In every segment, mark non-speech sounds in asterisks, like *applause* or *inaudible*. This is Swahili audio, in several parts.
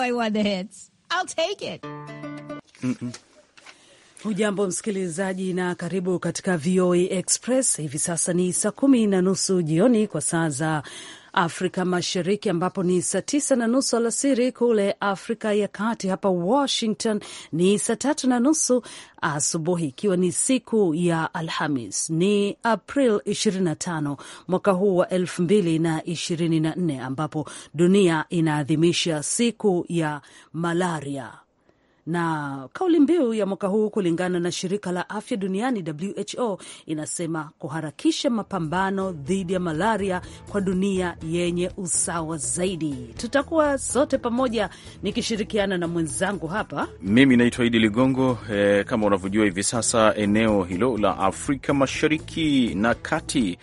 I want the hits. I'll take it. Mm -mm. Ujambo msikilizaji, na karibu katika VOA e Express. Hivi sasa ni saa kumi na nusu jioni kwa saa za Afrika Mashariki, ambapo ni saa tisa na nusu alasiri kule Afrika ya Kati. Hapa Washington ni saa tatu na nusu asubuhi, ikiwa ni siku ya Alhamis, ni April 25 mwaka huu wa 2024 ambapo dunia inaadhimisha siku ya malaria na kauli mbiu ya mwaka huu kulingana na shirika la afya duniani WHO inasema kuharakisha mapambano dhidi ya malaria kwa dunia yenye usawa zaidi. Tutakuwa sote pamoja nikishirikiana na mwenzangu hapa, mimi naitwa Idi Ligongo. Eh, kama unavyojua hivi sasa eneo hilo la Afrika Mashariki na Kati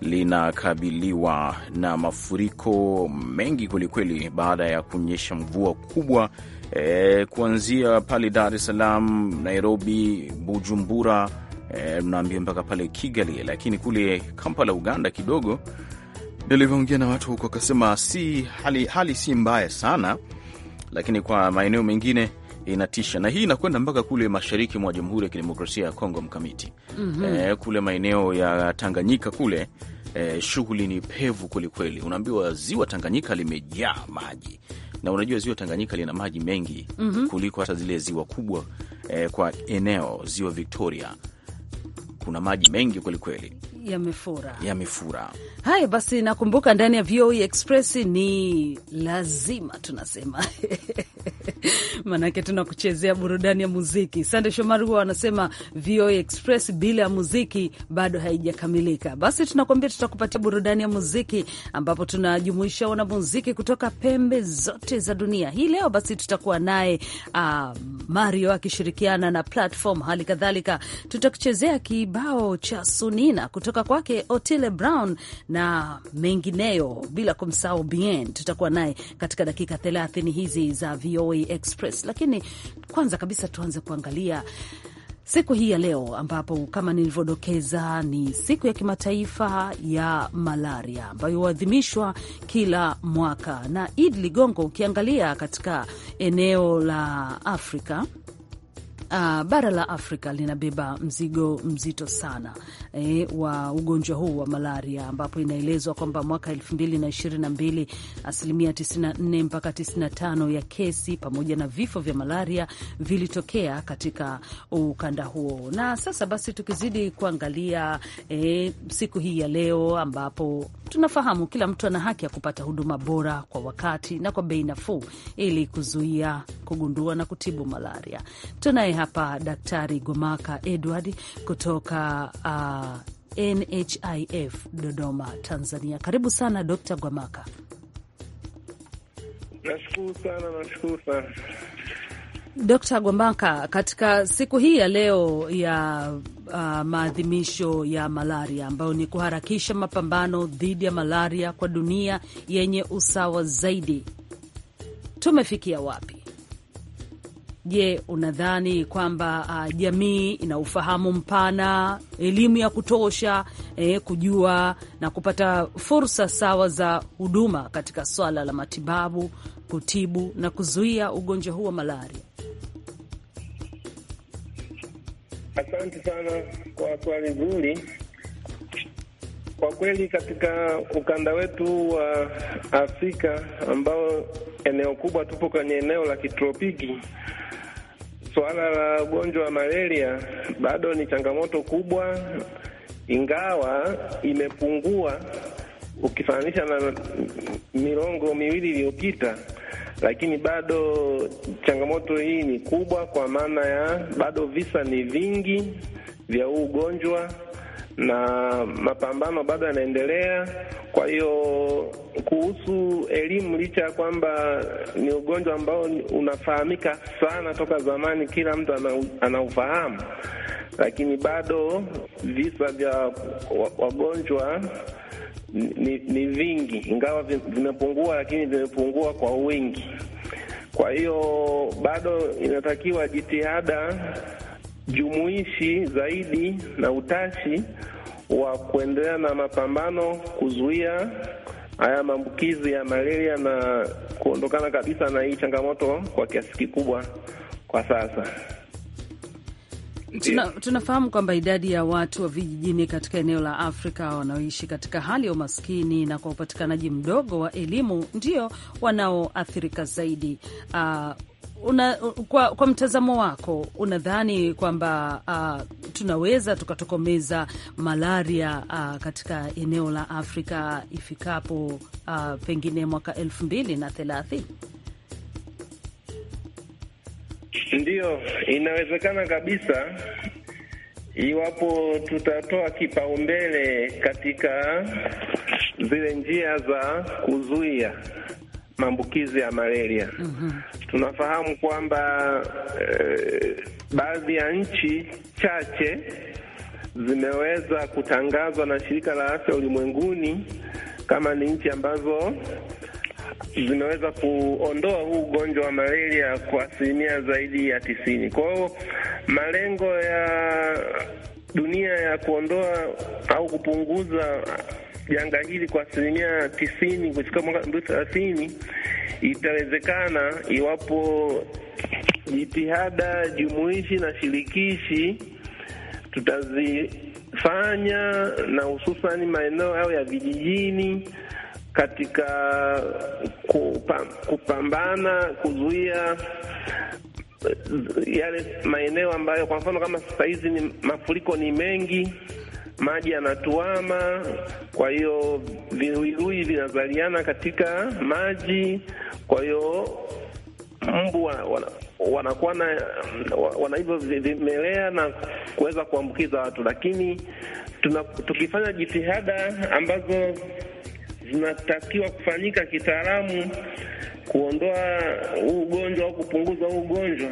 linakabiliwa na mafuriko mengi kwelikweli baada ya kunyesha mvua kubwa e, kuanzia pale Dar es Salaam, Nairobi, Bujumbura e, eh, naambia mpaka pale Kigali, lakini kule Kampala, Uganda kidogo nilivyoongea na watu huko wakasema si hali, hali si mbaya sana, lakini kwa maeneo mengine inatisha na hii inakwenda mpaka kule mashariki mwa Jamhuri ya Kidemokrasia ya Kongo mkamiti, mm -hmm. E, kule maeneo ya Tanganyika kule eh, shughuli ni pevu kwelikweli. Unaambiwa ziwa Tanganyika limejaa maji, na unajua ziwa Tanganyika lina maji mengi mm -hmm. kuliko hata zile ziwa kubwa eh, kwa eneo ziwa Victoria kuna maji mengi kwelikweli yamefura, yamefura. Haya basi, nakumbuka ndani ya VOA e Express ni lazima tunasema *laughs* maanake tunakuchezea burudani ya muziki. Sande Shomari huwa wanasema VOA e Express bila ya muziki bado haijakamilika. Basi tunakuambia tutakupatia burudani ya muziki, ambapo tunajumuisha wanamuziki kutoka pembe zote za dunia hii leo. Basi tutakuwa naye uh, Mario akishirikiana na Platform, hali kadhalika tutakuchezea kibao cha Sunina kutoka kutoka kwake Otile Brown na mengineyo, bila kumsahau Bien. Tutakuwa naye katika dakika 30 hizi za VOA Express, lakini kwanza kabisa tuanze kuangalia siku hii ya leo ambapo kama nilivyodokeza ni siku ya kimataifa ya malaria ambayo huadhimishwa kila mwaka. Na Id Ligongo, ukiangalia katika eneo la Afrika Uh, bara la Afrika linabeba mzigo mzito sana eh, wa ugonjwa huu wa malaria ambapo inaelezwa kwamba mwaka 2022 asilimia 94 mpaka 95 ya kesi pamoja na vifo vya malaria vilitokea katika ukanda huo. Na sasa basi tukizidi kuangalia eh, siku hii ya leo ambapo Tunafahamu kila mtu ana haki ya kupata huduma bora kwa wakati na kwa bei nafuu ili kuzuia, kugundua na kutibu malaria. Tunaye hapa Daktari Gomaka Edward kutoka uh, NHIF Dodoma, Tanzania. Karibu sana Dr. Gwamaka. Nashukuru sana, nashukuru sana. Dkt. Gwambaka, katika siku hii ya leo ya uh, maadhimisho ya malaria ambayo ni kuharakisha mapambano dhidi ya malaria kwa dunia yenye usawa zaidi, tumefikia wapi? Je, unadhani kwamba uh, jamii ina ufahamu mpana, elimu ya kutosha eh, kujua na kupata fursa sawa za huduma katika swala la matibabu, kutibu na kuzuia ugonjwa huu wa malaria? Asante sana kwa swali zuri. Kwa kweli katika ukanda wetu wa Afrika ambao eneo kubwa tupo kwenye eneo la kitropiki, suala la ugonjwa wa malaria bado ni changamoto kubwa, ingawa imepungua ukifananisha na milongo miwili iliyopita lakini bado changamoto hii ni kubwa, kwa maana ya bado visa ni vingi vya huu ugonjwa na mapambano bado yanaendelea. Kwa hiyo kuhusu elimu, licha ya kwamba ni ugonjwa ambao unafahamika sana toka zamani, kila mtu anaufahamu, lakini bado visa vya wagonjwa ni, ni vingi, ingawa vimepungua, lakini vimepungua kwa wingi. Kwa hiyo bado inatakiwa jitihada jumuishi zaidi na utashi wa kuendelea na mapambano kuzuia haya maambukizi ya malaria na kuondokana kabisa na hii changamoto kwa kiasi kikubwa kwa sasa. Tuna, tunafahamu kwamba idadi ya watu wa vijijini katika eneo la Afrika wanaoishi katika hali ya umaskini na kwa upatikanaji mdogo wa elimu ndio wanaoathirika zaidi. Uh, una, kwa, kwa mtazamo wako unadhani kwamba uh, tunaweza tukatokomeza malaria uh, katika eneo la Afrika ifikapo uh, pengine mwaka elfu mbili na thelathini? Ndiyo, inawezekana kabisa iwapo tutatoa kipaumbele katika zile njia za kuzuia maambukizi ya malaria. mm -hmm. Tunafahamu kwamba e, baadhi ya nchi chache zimeweza kutangazwa na Shirika la Afya Ulimwenguni kama ni nchi ambazo zinaweza kuondoa huu ugonjwa wa malaria kwa asilimia zaidi ya tisini. Kwa hiyo malengo ya dunia ya kuondoa au kupunguza janga hili kwa asilimia tisini kufika mwaka elfu mbili thelathini itawezekana iwapo jitihada jumuishi na shirikishi tutazifanya na hususani maeneo yao ya vijijini katika kupa, kupambana kuzuia eh, yale maeneo ambayo kwa mfano kama sasa hizi ni mafuriko ni mengi, maji yanatuama, kwa hiyo viruirui vinazaliana katika maji, kwa hiyo mbu wanakuwa wana, wana, wana, wana hivyo vimelea na kuweza kuambukiza watu, lakini tuna, tukifanya jitihada ambazo zinatakiwa kufanyika kitaalamu kuondoa huu ugonjwa au kupunguza huu ugonjwa,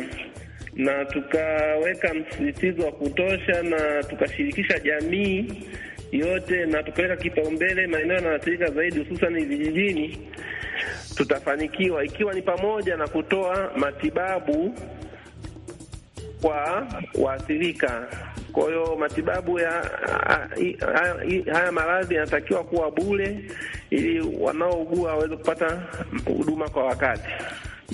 na tukaweka msisitizo wa kutosha na tukashirikisha jamii yote na tukaweka kipaumbele maeneo yanayoathirika zaidi, hususani vijijini, tutafanikiwa ikiwa ni pamoja na kutoa matibabu kwa waathirika. Kwa hiyo matibabu ya haya maradhi yanatakiwa kuwa bure, ili wanaougua waweze kupata huduma kwa wakati.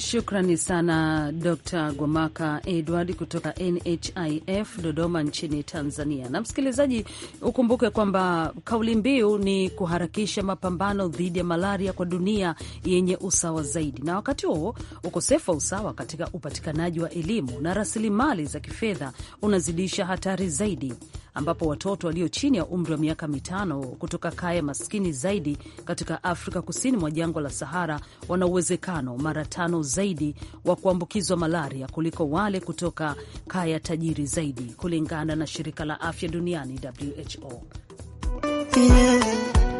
Shukrani sana Dr Gwamaka Edward kutoka NHIF Dodoma nchini Tanzania. Na msikilizaji, ukumbuke kwamba kauli mbiu ni kuharakisha mapambano dhidi ya malaria kwa dunia yenye usawa zaidi, na wakati huo ukosefu wa usawa katika upatikanaji wa elimu na rasilimali za kifedha unazidisha hatari zaidi ambapo watoto walio chini ya umri wa miaka mitano kutoka kaya maskini zaidi katika Afrika kusini mwa jangwa la Sahara wana uwezekano mara tano zaidi wa kuambukizwa malaria kuliko wale kutoka kaya tajiri zaidi, kulingana na shirika la afya duniani WHO. Yeah.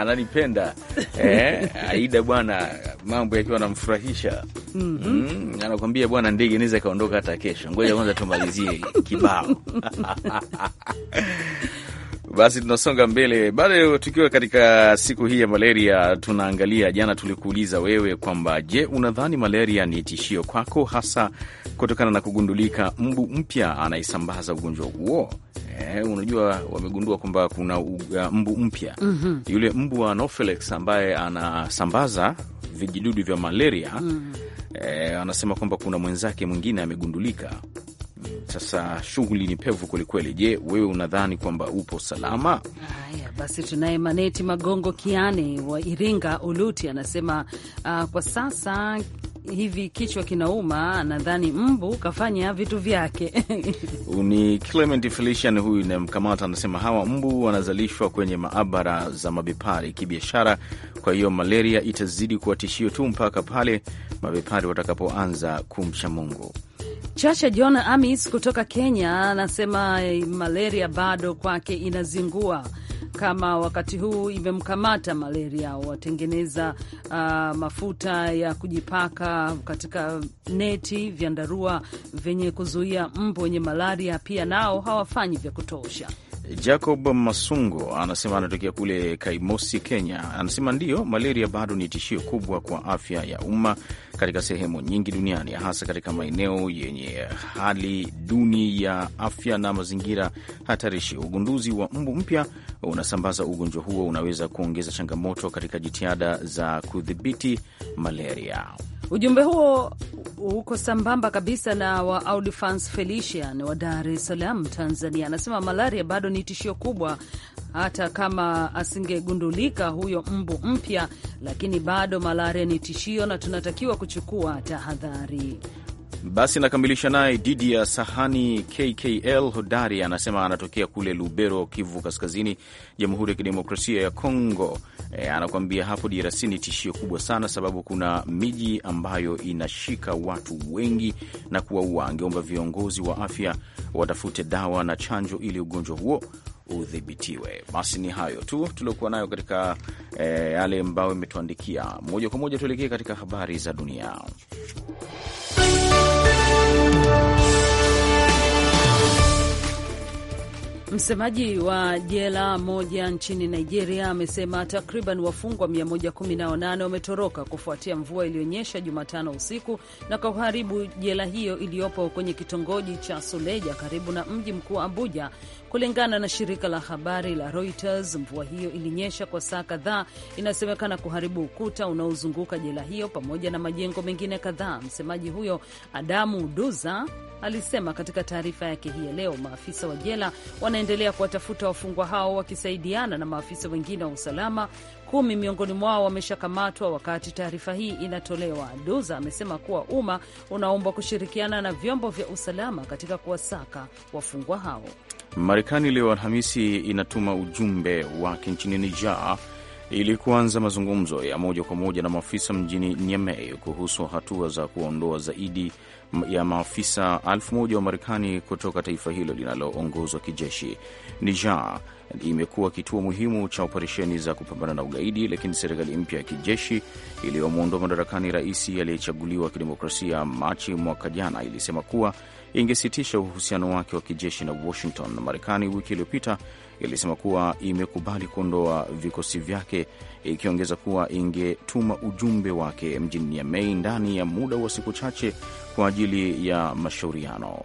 ananipenda *laughs* eh, Aida bwana, mambo yakiwa anamfurahisha mm -hmm. mm, anakwambia bwana, ndege naweza ikaondoka hata kesho. Ngoja kwanza tumalizie *laughs* kibao *laughs* Basi tunasonga mbele, bado tukiwa katika siku hii ya malaria. Tunaangalia jana, tulikuuliza wewe kwamba je, unadhani malaria ni tishio kwako, hasa kutokana na kugundulika mbu mpya anayesambaza ugonjwa huo? Eh, unajua wamegundua kwamba kuna mbu mpya mm -hmm. Yule mbu wa Anopheles ambaye anasambaza vijidudu vya malaria mm -hmm. E, anasema kwamba kuna mwenzake mwingine amegundulika sasa shughuli ni pevu kwelikweli. Je, wewe unadhani kwamba upo salama? Haya basi, tunaye Maneti Magongo Kiane wa Iringa Uluti anasema uh, kwa sasa hivi kichwa kinauma, nadhani mbu kafanya vitu vyake. *laughs* Ni Clement Felician huyu inamkamata, anasema hawa mbu wanazalishwa kwenye maabara za mabepari kibiashara, kwa hiyo malaria itazidi kuwa tishio tu mpaka pale mabepari watakapoanza kumcha Mungu. Chacha John Amis kutoka Kenya anasema eh, malaria bado kwake inazingua kama wakati huu imemkamata malaria. Watengeneza uh, mafuta ya kujipaka katika neti, vyandarua vyenye kuzuia mbu wenye malaria pia nao hawafanyi vya kutosha. Jacob Masungo anasema anatokea kule Kaimosi, Kenya. Anasema ndiyo, malaria bado ni tishio kubwa kwa afya ya umma katika sehemu nyingi duniani, hasa katika maeneo yenye hali duni ya afya na mazingira hatarishi. Ugunduzi wa mbu mpya unasambaza ugonjwa huo unaweza kuongeza changamoto katika jitihada za kudhibiti malaria. Ujumbe huo uko sambamba kabisa na wa Audifans Felician wa Dar es Salaam, Tanzania. Anasema malaria bado ni tishio kubwa, hata kama asingegundulika huyo mbu mpya, lakini bado malaria ni tishio na tunatakiwa kuchukua tahadhari. Basi nakamilisha naye Didi ya Sahani KKL Hodari, anasema anatokea kule Lubero, Kivu Kaskazini, Jamhuri ya Kidemokrasia ya Kongo. E, anakuambia hapo DRC ni tishio kubwa sana, sababu kuna miji ambayo inashika watu wengi na kuwaua. Angeomba viongozi wa afya watafute dawa na chanjo ili ugonjwa huo udhibitiwe. Basi ni hayo tu tuliokuwa nayo katika e, yale ambayo imetuandikia moja kwa moja. Tuelekee katika habari za dunia. Msemaji wa jela moja nchini Nigeria amesema takriban wafungwa 118 wametoroka kufuatia mvua iliyonyesha Jumatano usiku na kuharibu jela hiyo iliyopo kwenye kitongoji cha Suleja karibu na mji mkuu Abuja, Kulingana na shirika la habari la Reuters, mvua hiyo ilinyesha kwa saa kadhaa, inasemekana kuharibu ukuta unaozunguka jela hiyo pamoja na majengo mengine kadhaa. Msemaji huyo Adamu Duza alisema katika taarifa yake hii ya leo, maafisa wa jela wanaendelea kuwatafuta wafungwa hao wakisaidiana na maafisa wengine wa usalama. Kumi miongoni mwao wameshakamatwa wakati taarifa hii inatolewa. Duza amesema kuwa umma unaombwa kushirikiana na vyombo vya usalama katika kuwasaka wafungwa hao. Marekani leo Alhamisi inatuma ujumbe wake nchini Niger ili kuanza mazungumzo ya moja kwa moja na maafisa mjini Niamey kuhusu hatua za kuondoa zaidi ya maafisa elfu moja wa Marekani kutoka taifa hilo linaloongozwa kijeshi. Niger imekuwa kituo muhimu cha operesheni za kupambana na ugaidi, lakini serikali mpya ya kijeshi iliyomwondoa madarakani rais aliyechaguliwa kidemokrasia Machi mwaka jana ilisema kuwa ingesitisha uhusiano wake wa kijeshi na Washington. Marekani wiki iliyopita ilisema kuwa imekubali kuondoa vikosi vyake, ikiongeza kuwa ingetuma ujumbe wake mjini Niamey ndani ya muda wa siku chache kwa ajili ya mashauriano.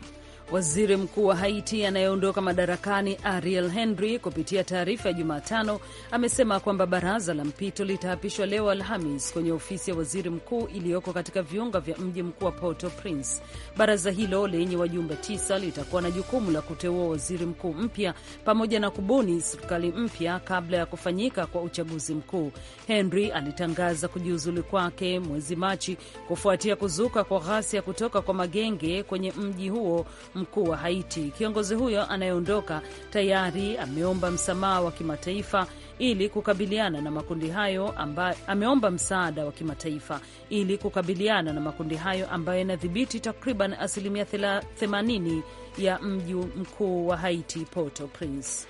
Waziri mkuu wa Haiti anayeondoka madarakani Ariel Henry, kupitia taarifa ya Jumatano, amesema kwamba baraza la mpito litaapishwa leo Alhamis kwenye ofisi ya waziri mkuu iliyoko katika viunga vya mji mkuu wa Porto Prince. Baraza hilo lenye wajumbe tisa litakuwa na jukumu la kuteua waziri mkuu mpya pamoja na kubuni serikali mpya kabla ya kufanyika kwa uchaguzi mkuu. Henry alitangaza kujiuzulu kwake mwezi Machi kufuatia kuzuka kwa ghasia kutoka kwa magenge kwenye mji huo mkuu wa Haiti. Kiongozi huyo anayeondoka tayari ameomba msamaha wa kimataifa ili kukabiliana na makundi hayo ambayo ameomba msaada wa kimataifa ili kukabiliana na makundi hayo ambayo yanadhibiti takriban asilimia 80 ya mji mkuu wa Haiti, Port-au-Prince.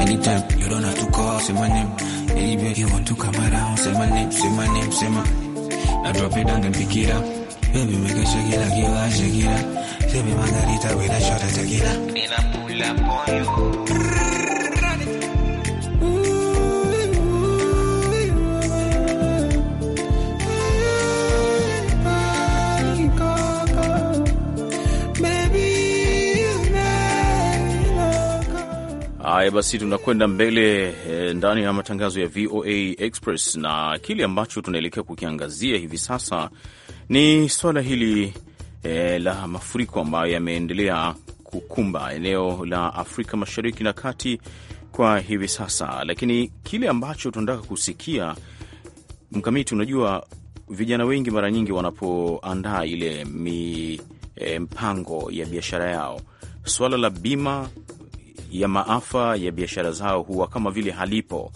anytime. You don't have to call, say my name. Hey, you want to come around, say my name, say my name, say my I drop it down, then pick it up. Baby, make it shake it like you like, shake it up. Baby, margarita with a shot of tequila. And I pull up on you. Haya basi, tunakwenda mbele e, ndani ya matangazo ya VOA Express na kile ambacho tunaelekea kukiangazia hivi sasa ni swala hili e, la mafuriko ambayo yameendelea kukumba eneo la Afrika Mashariki na Kati kwa hivi sasa, lakini kile ambacho tunataka kusikia Mkamiti, unajua vijana wengi mara nyingi wanapoandaa ile mi, e, mpango ya biashara yao swala la bima ya maafa ya biashara zao huwa kama vile halipo.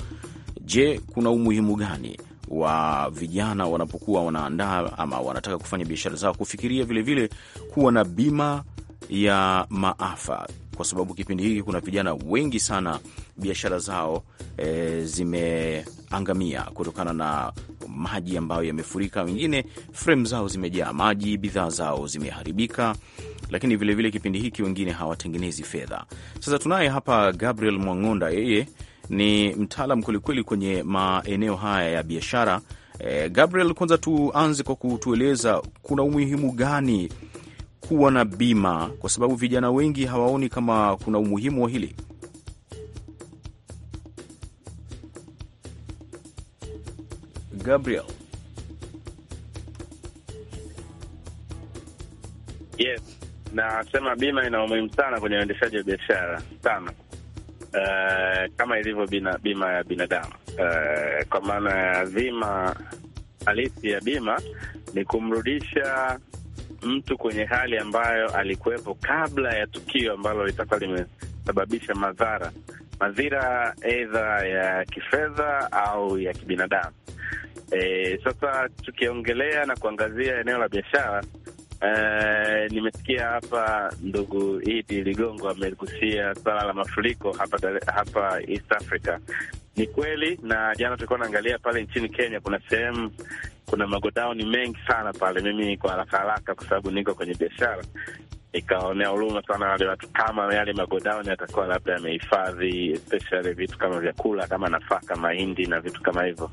Je, kuna umuhimu gani wa vijana wanapokuwa wanaandaa ama wanataka kufanya biashara zao kufikiria vilevile vile kuwa na bima ya maafa? Kwa sababu kipindi hiki kuna vijana wengi sana biashara zao e, zimeangamia kutokana na maji ambayo yamefurika, wengine frem zao zimejaa maji, bidhaa zao zimeharibika, lakini vilevile vile kipindi hiki wengine hawatengenezi fedha. Sasa tunaye hapa Gabriel Mwang'onda, yeye ni mtaalam kwelikweli kwenye maeneo haya ya biashara. Eh, Gabriel, kwanza tuanze kwa kutueleza kuna umuhimu gani kuwa na bima, kwa sababu vijana wengi hawaoni kama kuna umuhimu wa hili. Gabriel. Yes, nasema bima ina umuhimu sana kwenye uendeshaji wa biashara sana, uh, kama ilivyo bina, bima ya binadamu uh, kwa maana ya dhima halisi ya bima ni kumrudisha mtu kwenye hali ambayo alikuwepo kabla ya tukio ambalo litakuwa limesababisha madhara madhira, aidha ya kifedha au ya kibinadamu. E, sasa tukiongelea na kuangazia eneo la biashara e, nimesikia hapa ndugu Idi Ligongo amegusia swala la mafuriko hapa, hapa East Africa. Ni kweli, na jana tulikuwa naangalia pale nchini Kenya, kuna sehemu kuna magodauni mengi sana pale. Mimi kwa haraka haraka, kwa sababu niko kwenye biashara ikaonea huruma sana wale watu, kama yale magodauni yatakuwa labda yamehifadhi especially vitu kama vyakula kama nafaka, mahindi na vitu kama hivyo,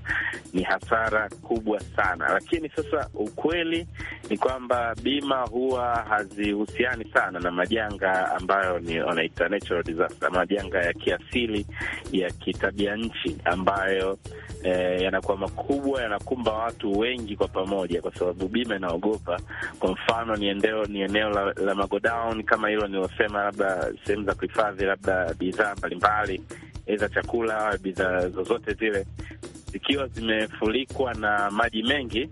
ni hasara kubwa sana. Lakini sasa ukweli ni kwamba bima huwa hazihusiani sana na majanga ambayo ni wanaita natural disaster, majanga ya kiasili ya kitabia nchi ambayo eh, yanakuwa makubwa, yanakumba watu wengi kwa pamoja, kwa sababu bima inaogopa. Kwa mfano ni eneo, ni eneo la, la magodown kama hilo niliosema, labda sehemu za kuhifadhi labda bidhaa mbalimbali, za chakula bidhaa zozote zile, zikiwa zimefulikwa na maji mengi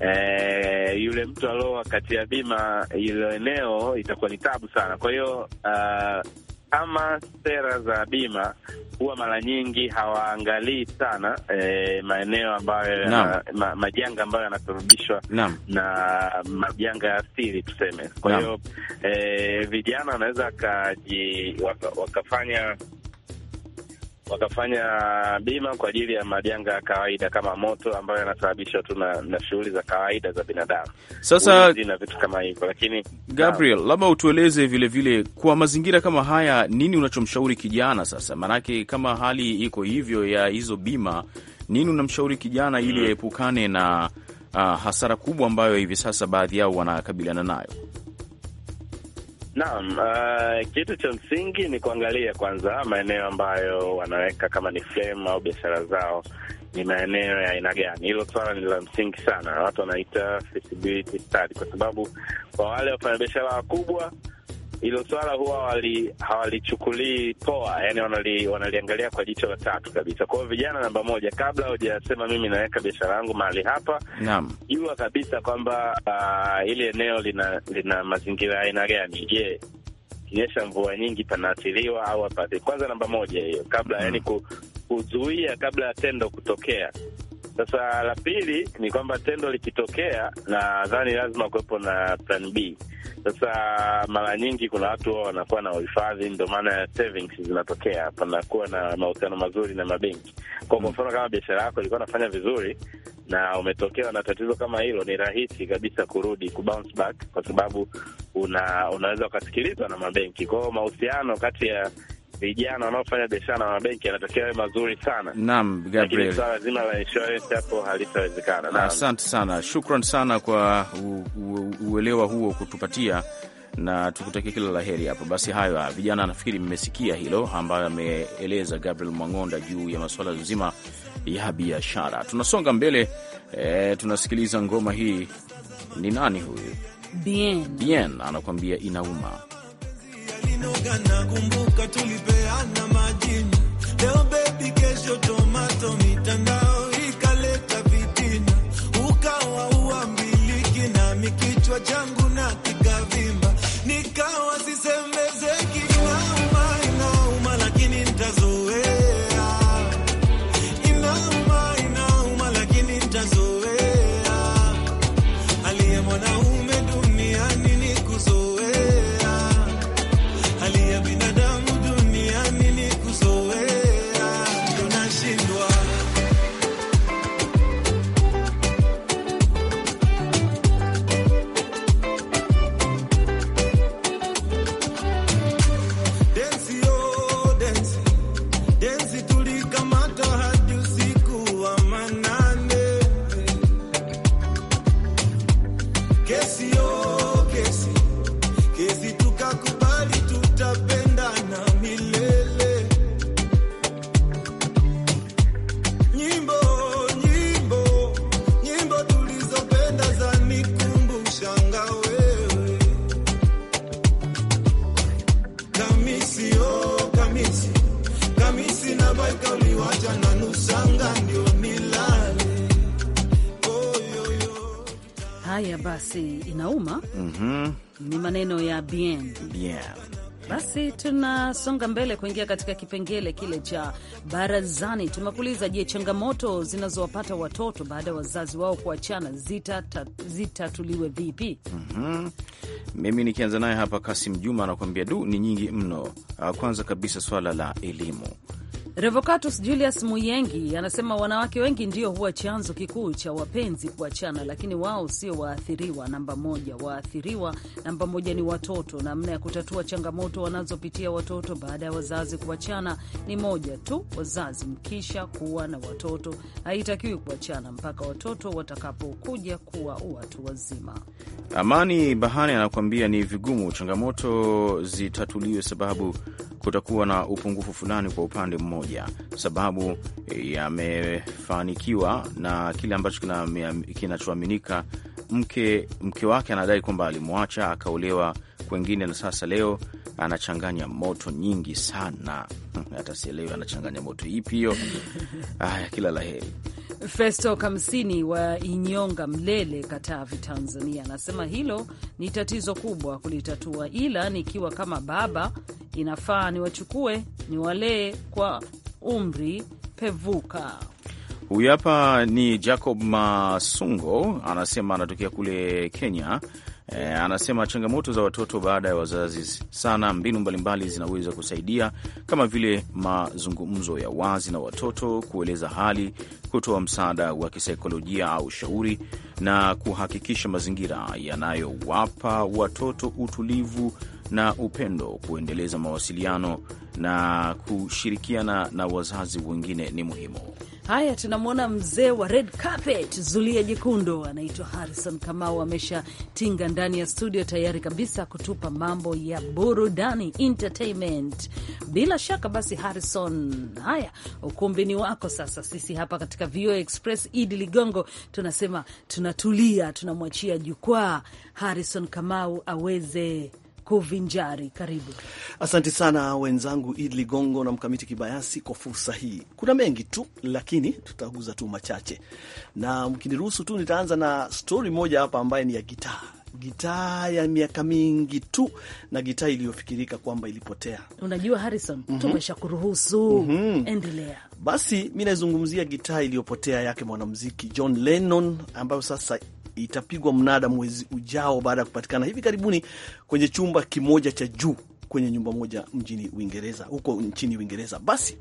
E, yule mtu aloa kati ya bima ilo eneo itakuwa ni tabu sana. Kwa hiyo uh, kama sera za bima huwa mara nyingi hawaangalii sana e, maeneo ambayo ma, majanga ambayo yanasababishwa na, na majanga ya asili tuseme. Kwa hiyo e, vijana wanaweza waka, wakafanya wakafanya bima kwa ajili ya majanga ya kawaida kama moto ambayo yanasababishwa tu na, na shughuli za kawaida za binadamu, sasa na vitu kama hivyo. Lakini Gabriel, labda utueleze vilevile vile, kwa mazingira kama haya, nini unachomshauri kijana sasa? Maanake kama hali iko hivyo ya hizo bima, nini unamshauri kijana ili mm. aepukane mm, na uh, hasara kubwa ambayo hivi sasa baadhi yao wanakabiliana nayo? Naam, uh, kitu cha msingi ni kuangalia kwanza maeneo ambayo wanaweka kama ni flame au biashara zao ni maeneo ya aina gani. Hilo swala ni la msingi sana, watu wanaita feasibility study, kwa sababu kwa wale wafanyabiashara wakubwa hilo swala huwa hawalichukulii poa, yani wanali, wanaliangalia kwa jicho la tatu kabisa. Kwa hiyo vijana, namba moja, kabla hujasema mimi naweka biashara yangu mahali hapa, naam, jua kabisa kwamba uh, ah, ili eneo lina, lina mazingira aina gani? Je, kinyesha mvua nyingi panaathiriwa au hapa? Kwanza namba moja hiyo kabla, mm. yani kuzuia kabla ya tendo kutokea sasa la pili ni kwamba tendo likitokea, nadhani lazima kuwepo na plan B. Sasa mara nyingi kuna watu wao wanakuwa na uhifadhi, ndio maana savings zinatokea, panakuwa na mahusiano mazuri na mabenki. Kwa hmm. mfano, kama biashara yako ilikuwa nafanya vizuri na umetokewa na tatizo kama hilo, ni rahisi kabisa kurudi ku bounce back, kwa sababu una, unaweza ukasikilizwa na mabenki. Kwa hiyo mahusiano kati ya vijana wanaofanya biashara na mabenki yanatokea yawe mazuri sana. Naam, Gabriel, swala zima la insurance hapo halitawezekana. Asante sana, shukran sana kwa uelewa huo kutupatia na tukutakia kila la heri hapo. Basi hayo ah, vijana, nafikiri mmesikia hilo ambayo ameeleza Gabriel Mwang'onda juu ya masuala zima ya biashara. Tunasonga mbele e, tunasikiliza ngoma hii. Ni nani huyu? Bien, Bien anakuambia inauma kinoga na kumbuka, tulipeana majina, leo bebi kesho tomato, mitandao ikaleta vitina, ukawa uambiliki, nami kichwa changu na kikavimba, nikawa sisemeze tunasonga mbele kuingia katika kipengele kile cha barazani. Tumekuuliza, je, changamoto zinazowapata watoto baada ya wazazi wao kuachana zitatuliwe zita vipi? mm -hmm. Mimi nikianza naye hapa, Kasim Juma anakuambia du, ni nyingi mno. Ah, kwanza kabisa swala la elimu Revocatus Julius Muyengi anasema wanawake wengi ndio huwa chanzo kikuu cha wapenzi kuachana, lakini wao sio waathiriwa namba moja. Waathiriwa namba moja ni watoto. Namna ya kutatua changamoto wanazopitia watoto baada ya wazazi kuachana ni moja tu, wazazi mkisha kuwa na watoto haitakiwi kuachana mpaka watoto watakapokuja kuwa watu wazima. Amani Bahani anakuambia ni vigumu changamoto zitatuliwe sababu kutakuwa na upungufu fulani kwa upande mmoja, sababu e, yamefanikiwa na kile ambacho kinachoaminika. Mke, mke wake anadai kwamba alimwacha akaolewa kwengine, na sasa leo anachanganya moto nyingi sana, *laughs* hata sielewi anachanganya moto ipi hiyo. *laughs* Aya, kila la heri. Festo Kamsini wa Inyonga, Mlele, Katavi, Tanzania, anasema hilo ni tatizo kubwa kulitatua, ila nikiwa kama baba inafaa ni wachukue ni walee kwa umri pevuka. Huyu hapa ni Jacob Masungo, anasema anatokea kule Kenya. E, anasema changamoto za watoto baada ya wazazi sana. Mbinu mbalimbali zinaweza kusaidia kama vile mazungumzo ya wazi na watoto, kueleza hali, kutoa msaada wa kisaikolojia au shauri, na kuhakikisha mazingira yanayowapa watoto utulivu na upendo, kuendeleza mawasiliano na kushirikiana na wazazi wengine ni muhimu. Haya, tunamwona mzee wa red carpet, zulia jekundu, anaitwa Harrison Kamau, ameshatinga ndani ya studio tayari kabisa kutupa mambo ya burudani entertainment. Bila shaka basi, Harrison, haya, ukumbini wako sasa. Sisi hapa katika VOA Express, Idi Ligongo, tunasema tunatulia, tunamwachia jukwaa Harrison Kamau aweze kuvinjari. Karibu. Asante sana wenzangu Id Ligongo na Mkamiti Kibayasi kwa fursa hii. Kuna mengi tu, lakini tutaguza tu machache, na mkiniruhusu tu nitaanza na stori moja hapa ambaye ni ya gitaa gitaa ya miaka mingi tu na gitaa iliyofikirika kwamba ilipotea. Unajua Harrison, mm -hmm. tumesha kuruhusu mm -hmm. Endelea basi, mi naizungumzia gitaa iliyopotea yake mwanamuziki John Lennon, ambayo sasa itapigwa mnada mwezi ujao baada ya kupatikana hivi karibuni kwenye chumba kimoja cha juu kwenye nyumba moja mjini Uingereza, huko nchini Uingereza. Basi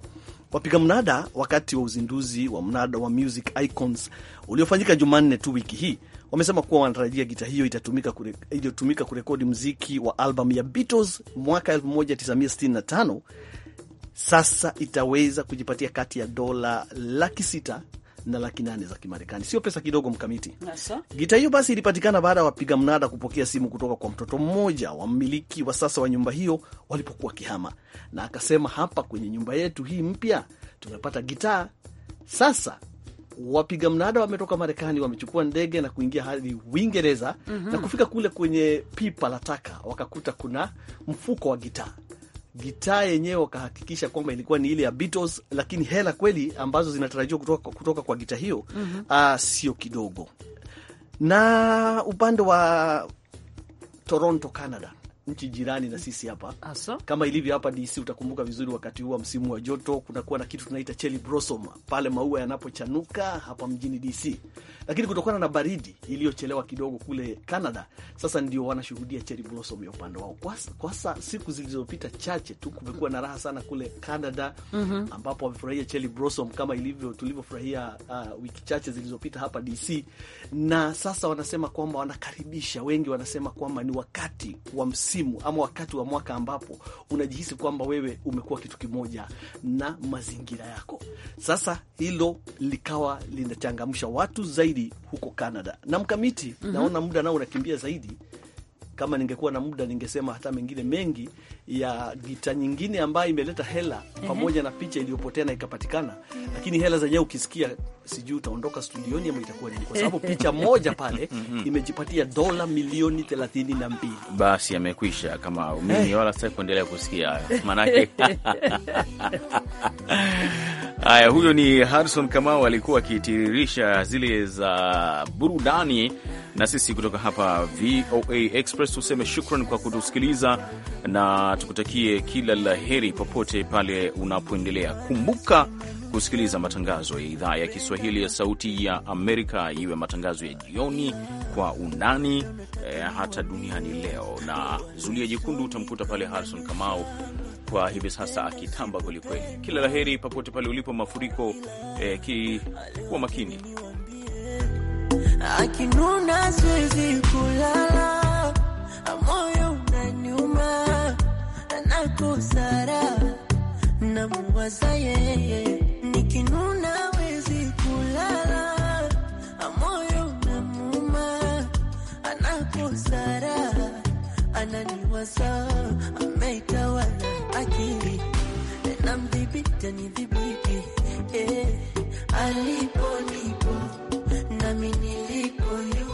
wapiga mnada wakati wa uzinduzi wa mnada wa Music Icons uliofanyika Jumanne tu wiki hii wamesema kuwa wanatarajia gita hiyo itatumika kure, iliyotumika kurekodi mziki wa albamu ya Beatles mwaka 1965 sasa itaweza kujipatia kati ya dola laki sita na laki nane za Kimarekani. Sio pesa kidogo, Mkamiti. Gita hiyo basi ilipatikana baada ya wapiga mnada kupokea simu kutoka kwa mtoto mmoja wa mmiliki wa sasa wa nyumba hiyo walipokuwa kihama, na akasema, hapa kwenye nyumba yetu hii mpya tumepata gitaa. Sasa wapiga mnada wametoka Marekani, wamechukua ndege na kuingia hadi Uingereza mm -hmm. na mhm. kufika kule kwenye pipa la taka wakakuta kuna mfuko wa gitaa gitaa yenyewe wakahakikisha kwamba ilikuwa ni ile ya Beatles, lakini hela kweli ambazo zinatarajiwa kutoka, kutoka kwa gita hiyo mm -hmm. sio kidogo. Na upande wa Toronto, Canada nchi jirani na sisi hapa Aso. Kama ilivyo hapa DC, utakumbuka vizuri wakati huu wa msimu wa joto kunakuwa na kitu tunaita cherry blossom, pale maua yanapochanuka hapa mjini DC, lakini kutokana na baridi iliyochelewa kidogo kule Canada, sasa ndio wanashuhudia cherry blossom ya upande wao. Kwasa siku zilizopita chache tu kumekuwa na raha sana kule Canada mm -hmm. ambapo wamefurahia cherry blossom kama ilivyo tulivyofurahia uh, wiki chache zilizopita hapa DC, na sasa wanasema kwamba wanakaribisha, wengi wanasema kwamba ni wakati wa msimu msimu ama wakati wa mwaka ambapo unajihisi kwamba wewe umekuwa kitu kimoja na mazingira yako. Sasa hilo likawa linachangamsha watu zaidi huko Canada na mkamiti. mm -hmm. Naona muda nao unakimbia zaidi kama ningekuwa na muda, ningesema hata mengine mengi ya gita nyingine ambayo imeleta hela pamoja na picha iliyopotea na ikapatikana, mm. lakini hela zenyewe ukisikia, sijui utaondoka studioni ama itakuwa nini, kwa *laughs* sababu picha moja pale mhm. imejipatia dola milioni thelathini na mbili. Basi amekwisha kama mimi, wala sitaki kuendelea kusikia manake maanake *laughs* Haya, huyo ni Harrison Kamau alikuwa akitiririsha zile za burudani. Na sisi kutoka hapa VOA Express tuseme shukran kwa kutusikiliza na tukutakie kila la heri popote pale unapoendelea. Kumbuka kusikiliza matangazo ya idhaa ya Kiswahili ya Sauti ya Amerika, iwe matangazo ya jioni, kwa undani, eh, hata duniani leo na zulia jekundu. Utamkuta pale Harrison Kamau kwa hivi sasa akitamba kwelikweli. Kila laheri popote pale ulipo mafuriko, eh, kikuwa makini akinuna siwezi kulala, moyo unaniuma, anakosara na yeye, nikinuna akili na mdhibiti ni dhibiti eh, alipo nipo nami nilipo